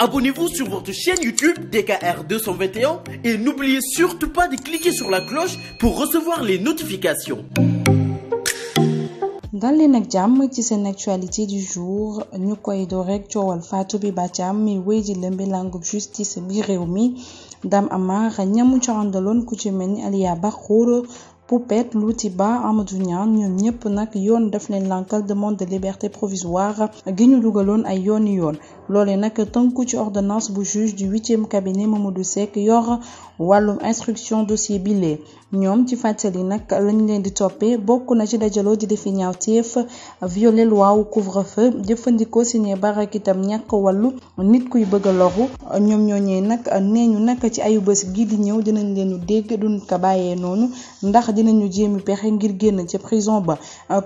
Abonnez-vous sur votre chaîne YouTube DKR 221 et n'oubliez surtout pas de cliquer sur la cloche pour recevoir les notifications. dal leen jàmm ci seen actualité du jour ñu koy door rek coowal Fatou bi Thiam mi wéy di lëmbi langub justice bi réew mi Dame Amar ñamu ca àndaloon ku ci mel ni Aliya Bakhour Poupette Louty Ba Amadou Niang ñoom ñëpp nag yoon daf leen lankal demande de liberté provisoire gi ñu dugaloon ay yooni yoon loole nag tënku ci ordonnance bu juge du huitième cabinet du Seck yor wàllum instruction dossier bile ñoom ci fàttali nag lañ leen di toppee bokk na ci dajaloo di defi ñaawteef violer loi wu couvre-feu jëfandikoo sinee barak itam ñakk wàllu nit kuy bëgg a loru ñoom ñooñee nag nee ñu nag ci ayu bés gi di ñëw dina leen dégg duñ ko dinañu jéemi pexe ngir génn ca prison ba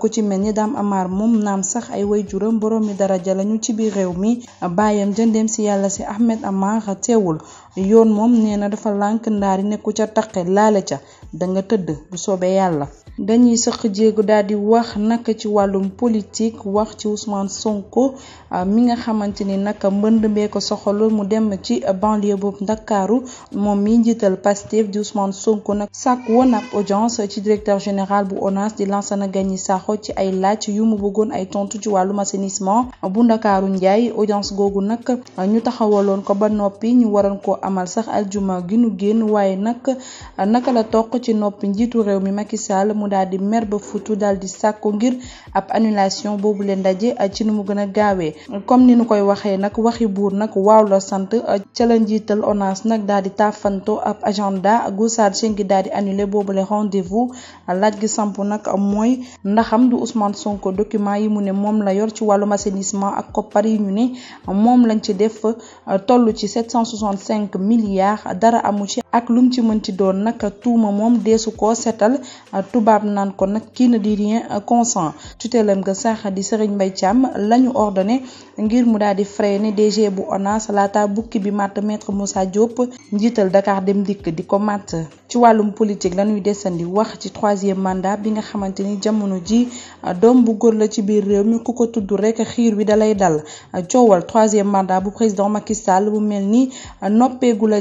ko ci mel ni Dame Amar moom naam sax ay waajuram borom mi daraja lañu ci biir réew mi baayam jëndeem si yàlla si Ahmed Amar teewul yoon moom nee na dafa lànk yi nekku ca taq laale ca da nga tëdd bu soobee yàlla. dañuy sëq jéegu daal di wax naka ci wàllum politique wax ci Ousmane Sonko mi nga xamante ni naka mbënd bee ko soxalul mu dem ci banlieue boobu Ndakaaru moom mi njiital Pastef di Ousmane Sonko ci directeur général bu ONAS di Lansana Gagny Sakho ci ay laaj yu mu bëggoon ay tontu ci wàllum assainissement bu Ndakaaru njaay audience googu nag ñu taxawaloon ko ba noppi ñu waroon koo amal sax aljuma gi nu génn waaye nag naka la toq ci noppi njiitu réew mi Macky Sall mu daal di mer ba futu daal di sàkku ngir ab annulation boobu leen daje ci nu mu gën gaawee comme ni nu koy waxee nag waxi buur nag waaw la sant ca la njiital ONAS nag daal di tàffanto rendez-vous laaj gi samp nag mooy ndaxam du Ousmane Sonko document yi mu ne moom la yor ci wàllum assainissement ak koppar yi ñu ne moom lañ ci def toll ci 765 milliards dara amu ci ak lum ci mën ci doon nag tuuma moom deesu ko setal tubaab naan ko nag kii na di rien consent tutelam ga sax di Serigne Mbaye Thiam la ñu ordonné ngir mu daal di freiné DG bu ONAS laata bukki bi matt maître Moussa Diop njiital Dakar dem dikk di ko matt ci wàllum politique la ñuy desandi wax ci troisième mandat bi nga xamante ni jamono ji doom bu góor la ci biir réew mi ku ko tudd rek xiir wi dalay dal coowal troisième mandat bu président Macky Sall bu mel ni noppeegu la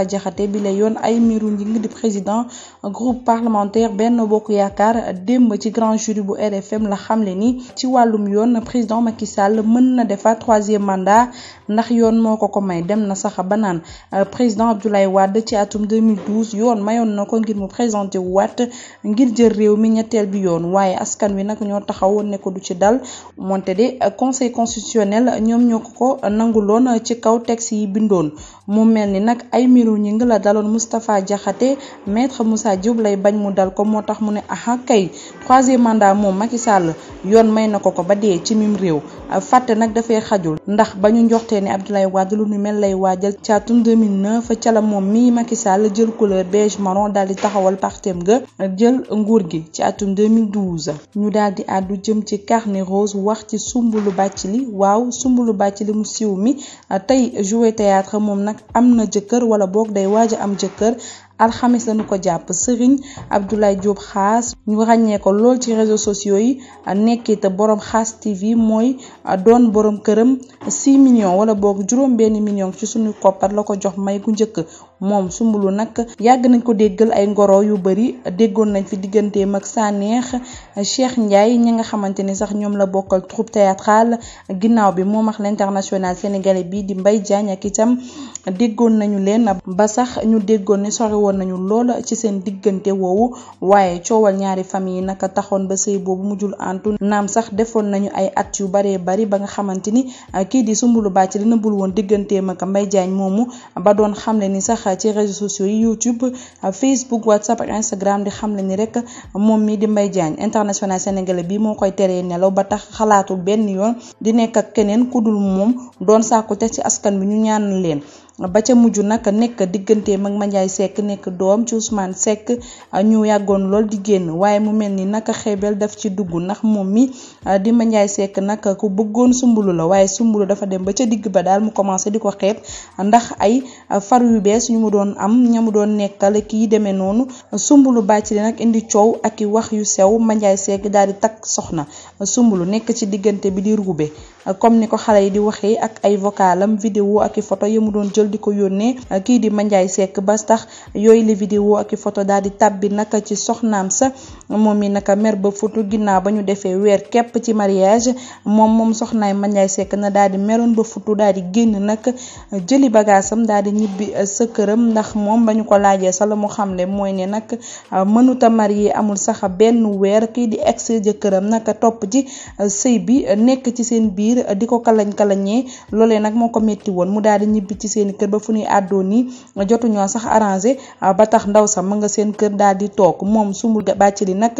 Moustapha Diakhaté bi la yoon Aymérou Gningue di président groupe parlementaire Benno Bokk Yaakaar démb ci grand jury bu RFM la xamle ni ci wàllum yoon président Macky Sall mën na defaat troisième mandat ndax yoon moo ko ko may dem na sax ba naan euh, président Abdoulaye Wade ci atum 2012 yoon mayoon na ko ngir mu présenté wu waat ngir jël réew mi ñetteel bi yoon waaye askan wi nag ñoo taxawoon ne ko du ci dal monte de euh, conseil constitutionnel ñoom ñoo ko nanguloon ci kaw texte yi bindoon Basirou Gningue la daloon Moustapha Diakhaté maître Moussa Diop lay bañ mu dal ko moo tax mu ne aha kay troisième mandat moom Macky Sall yoon may na ko ko ba dee ci mim réew fàtte nag dafay xajul ndax ba ñu njoxtee ne Abdoulaye Wade lu nu mel lay waajal caatum 2009 ca la moom mii Macky Sall jël couleur beige marron daal di taxawal partem ga jël nguur gi ci atum 2012 ñu daal di àddu jëm ci carnet rose wax ci sumbulu bàcc li waaw sumbulu bàcc li mu siiw mi tey jouer théâtre moom nag am na jëkkër wala boog day waaj a am jëkkër alxames lañu ko jàpp Serigne Abdoulaye Diop xaas ñu ràññee ko lool ci réseau sociaux yi nekkee te borom xaas TV mooy doon boroom këram 6 millions wala boog juróom benn million ci suñu koppar la ko jox may ku njëkk moom sumb lu nag yàgg nañ ko déggal ay ngoro yu bari déggoon nañ fi digganteem ak Sanex Cheikh Ndiaye ñi nga xamante ni sax ñoom la bokkal troupe théâtrale ginnaaw bi moom ak l'international sénégalais bi di Mbaye Diagne ak itam déggoon nañu woon nañu lool ci seen diggante woowu waaye coowal ñaari famille yi naka taxoon ba sëy boobu mujjul antu naam sax defoon nañu ay at yu baree bari ba nga xamante ni ah, kii di sumbulu Soumboulou Bathily nëbbul woon digganteem ak mbay jaañ moomu ba doon xamle ni sax ci réseaux sociaux yi YouTube ah, Facebook WhatsApp ak Instagram di xamle ni rek moom mi di Mbaye Diagne international sénégalais bi moo koy teree nelaw ba tax xalaatul benn yoon di nekk ak keneen ku dul moom doon sàkku te ci askan bi ñu ñaan leen ba ca mujj nag nekk digganteem ak Mandiaye Seck nekk doom ci Ousmane sekk ñu yàggoon lool di génn waaye mu mel ni naka xeebel daf ci dugg ndax moom mi ah, di Mandiaye Seck nag ku bëggoon sumbulu la waaye sumbulu dafa dem ba ca digg ba daal mu commencé di ko xeeb ndax ay far yu bees ñu mu doon am ña mu doon nekkal kii demee noonu sumbulu bàcc li nag indi coow ak i wax yu sew Mandiaye Seck daal di takk soxna sumbulu nekk ci diggante bi di rugube comme ni ko xale yi di waxee ak ay ak i photo mu doon di ko yónnee kii di Mandiaye Seck ba tax yooyu la vidéo ak i photo daal di tàbbi naka ci soxnaam sa moom mi naka mer ba futu ginnaaw ba ñu defee weer kepp ci mariage moom moom soxnaay Mandiaye sekk na daal di meroon ba futu daal di génn nag jëli bagaasam daal di ñibbi sa këram ndax moom ba ñu ko laajee sa la mu xamle mooy ne nag mënuta marié amul sax benn weer kii di ex jëkkëram naka topp ji sëy bi nekk ci seen biir di ko kalañ kalañee loolee nag moo seen kër ba fu ñuy àddoo nii jotuñoo sax arrangé ah, ba tax ndaw sax ma nga seen kër daal di toog moom Soumboul Bathily nag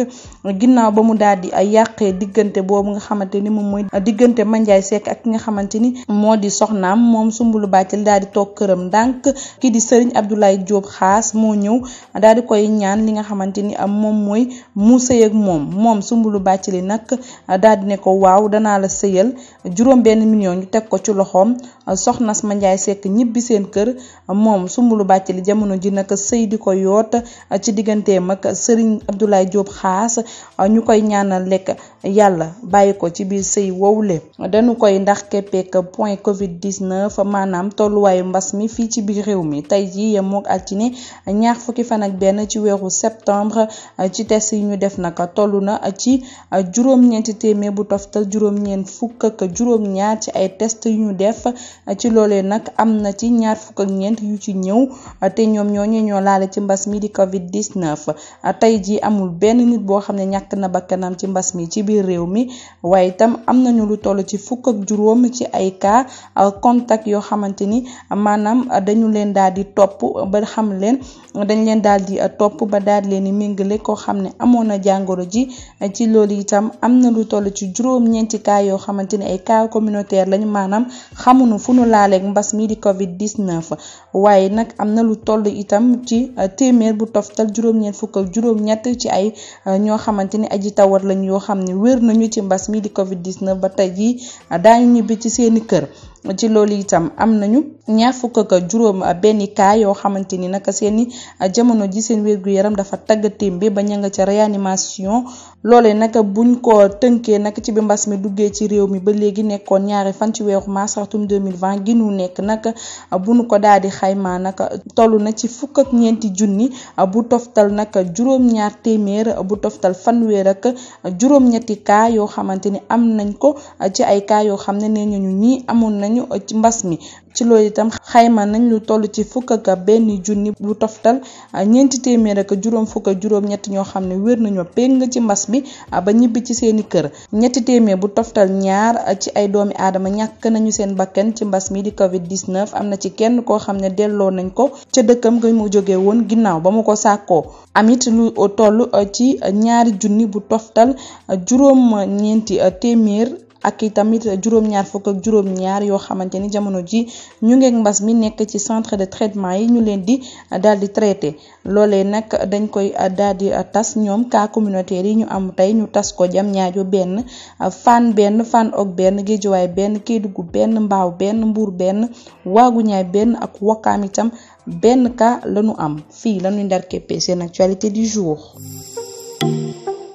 ginnaaw ba mu daal di ah, yàqee diggante boobu nga xamante ni moom mooy ah, diggante Mandiaye Seck ak ki nga xamante ni moo di soxnaam moom Soumboul Bathily daal di toog këram ndànk kii di Serigne Abdoulaye Diop xaas moo ñëw daal di koy ñaan li nga xamante ni moom mooy mu sëy ak moom moom Soumboul Bathily nag daal di ne ko waaw danaa la sëyal juróom benn million ñu teg ko ci loxoom soxnas Mandiaye Seck ñibbi ubbi seen kër moom lu Soumboulou li jamono ji nag sëy di ko yoot ci digganteem ak Serigne Abdoulaye Diop xaas ñu koy ñaanal lekk yàlla bàyyi ko ci biir sëy wowule dañu koy ndax keppeek point Covid 19 maanaam tolluwaayu mbas mi fii ci biir réew mi tey jii yem moog altine ñaar fukki fan ak benn ci weeru septembre ci test yi ñu def nag tollu na ci juróom-ñeenti téeméer bu toftal juróom-ñeent fukk ak juróom-ñaar ci ay test yu ñu def ci loolee nag am ñaar fukk ak ñeent yu ci ñëw te ñoom ñooñu ñoo laale ci mbas mi di Covid 19 tey jii amul benn nit boo xam ne ñàkk na bakkanam ci mbas mi ci biir réew mi waaye itam am nañu lu toll ci fukk ak juróom ci ay cas euh, contact yoo xamante ni maanaam dañu leen daal di topp ba xam leen dañ leen daal di euh, topp ba daal leen di méngale koo xam ne amoon na jàngoro ji ci loolu am na lu toll ci juróom-ñeenti cas yoo xamante ni ay cas communautaire lañ maanaam xamuñu fu nu laaleeg mbas mi di Covid. 19 waaye nag am na lu toll itam ci euh, téeméer bu toftal juróom-ñeent fukk ak juróom-ñett ci ay euh, ñoo xamante ni aji tawat lañ yoo xam ne wér nañu ci mbas mi di covid 19 ba tey jii euh, daañu ñibbi ci seeni kër ci loolu itam am nañu ñaar fukk ak juróom benn kaa yoo xamante ni naka seeni jamono ji seen wér-gu-yaram dafa tagg bi ba ña nga ca réanimation loolee nag buñ ko tënkee nag ci bi mbas mi duggee ci réew mi ba léegi nekkoon ñaari fan ci weexu mars atum 2020 gi nu nekk nag bu nu ko daal di xaymaa nag toll na ci fukk ak ñeenti junni bu toftal nag juróom-ñaar téeméer bu toftal fanweer ak juróom-ñetti cas yoo xamante ni am nañ ko ci ay cas yoo xam ne nañu ñii amoon nañ nañu ci mbas mi ci lool itam xayma nañ lu toll ci fukk ak benn junni bu toftal ñeenti téeméer ak juróom fukk ak ñett ñoo xam ne wér nañoo péng ci mbas mi ba ñibbi ci seeni kër ñetti téeméer bu toftal ñaar ci ay doomi aadama ñàkk nañu seen bakkan ci mbas mi di covid 19 am na ci kenn koo xam ne delloo nañ ko ca dëkkam nga mu jóge woon ginnaaw ba mu ko sàkkoo amit lu toll ci ñaari junni bu toftal juróom ñeenti téeméer ak i tamit juróom fukk ak juróom yoo xamante ni jamono ji ñu ngeeg mbas mi nekk ci centre de traitement yi ñu leen di daal di traité loole nag dañ koy daal di tas ñoom cas communautaire yi ñu am tey ñu tas ko jam ñaajo benn fan benn fan ok benn géejuwaay benn kéedugu benn mbaaw benn mbuur benn waagu ñaay benn ak wakkaam itam benn cas lañu am fii lañuy ndar képpee seen actualité du jour